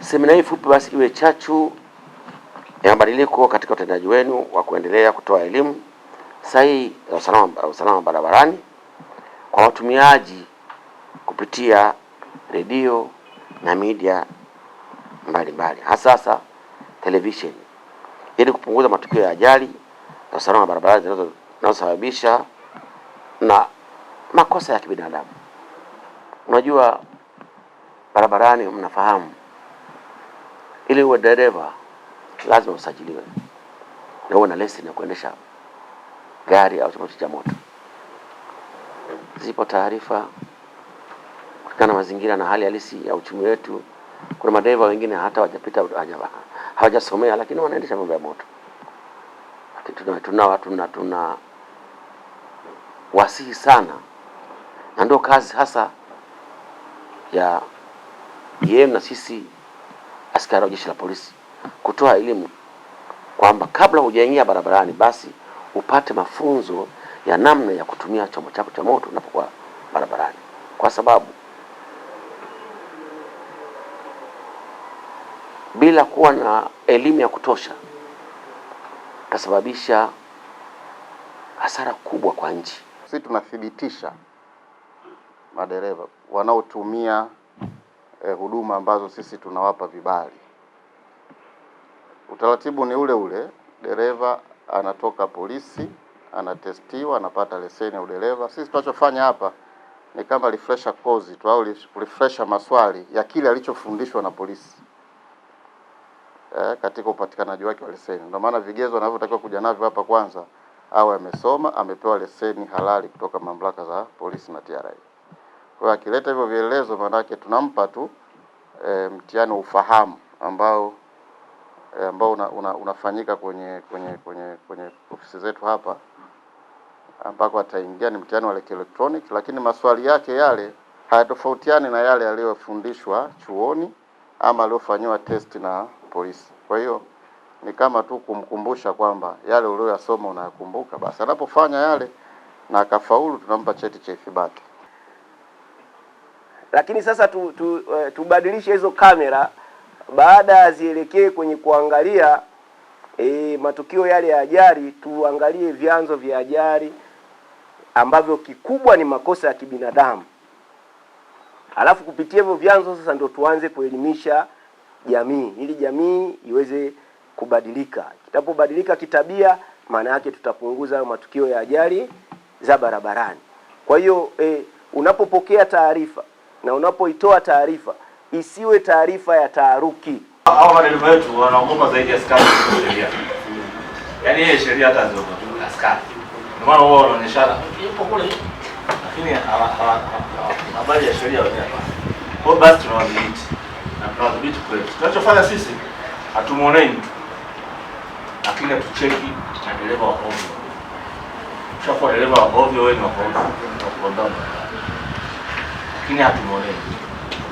Semina hii fupi basi iwe chachu ya mabadiliko katika utendaji wenu wa kuendelea kutoa elimu sahihi ya usalama, usalama barabarani kwa watumiaji kupitia redio na media mbalimbali hasa hasa televisheni ili kupunguza matukio ya ajali na usalama barabarani zinazosababisha na makosa ya kibinadamu. Unajua, barabarani mnafahamu ili uwe dereva lazima usajiliwe na uwe na leseni ya kuendesha gari au chombo cha moto. Zipo taarifa kutokana na mazingira na hali halisi ya uchumi wetu, kuna madereva wengine hata hawajapita hawajasomea, lakini wanaendesha mambo ya moto. Tuna, tuna, tuna, tuna wasihi sana, na ndio kazi hasa ya yeye na sisi askari wa jeshi la polisi kutoa elimu kwamba kabla hujaingia barabarani, basi upate mafunzo ya namna ya kutumia chombo chako cha moto unapokuwa barabarani, kwa sababu bila kuwa na elimu ya kutosha tasababisha hasara kubwa kwa nchi. Sisi tunathibitisha madereva wanaotumia eh, huduma ambazo sisi tunawapa vibali. Utaratibu ni ule ule, dereva anatoka polisi, anatestiwa, anapata leseni ya udereva. Sisi tunachofanya hapa ni kama refresher course tu au refresher maswali ya kile alichofundishwa na polisi eh, katika upatikanaji wake wa leseni. Ndio maana vigezo anavyotakiwa kuja navyo hapa, kwanza awe amesoma, amepewa leseni halali kutoka mamlaka za polisi na TRA. Kwa akileta hivyo vielelezo, maanake tunampa tu e, mtihani wa ufahamu ambao e, ambao una, una, unafanyika kwenye kwenye kwenye kwenye ofisi zetu hapa ambako ataingia ni mtihani wa kielektroniki, lakini maswali yake yale hayatofautiani na yale aliyofundishwa chuoni ama aliyofanyiwa testi na polisi. Kwa hiyo ni kama tu kumkumbusha kwamba yale uliyoyasoma unayakumbuka, basi anapofanya yale na akafaulu, tunampa cheti cha ithibati. Lakini sasa tu, tu, uh, tubadilishe hizo kamera baada ya zielekee kwenye kuangalia e, matukio yale ya ajali, tuangalie vyanzo vya ajali ambavyo kikubwa ni makosa ya kibinadamu, alafu kupitia hivyo vyanzo sasa ndio tuanze kuelimisha jamii ili jamii iweze kubadilika. Kitapobadilika kitabia, maana yake tutapunguza matukio ya ajali za barabarani. Kwa hiyo e, unapopokea taarifa na unapoitoa taarifa isiwe taarifa ya taharuki. Hao madereva wetu wanaogopa zaidi askari kwa sheria. Yaani yeye sheria hata ndio askari. Ndio maana wao wanaonyeshana yupo kule. Lakini habari ya sheria wenyewe hapa. Kwa basi tunawadhibiti. Na tunawadhibiti kweli. Tunachofanya sisi hatumuonei mtu. Lakini tucheki na dereva wa ovyo. Ushakuwa dereva wa ovyo wewe ni wa ovyo. 今天还怎么了？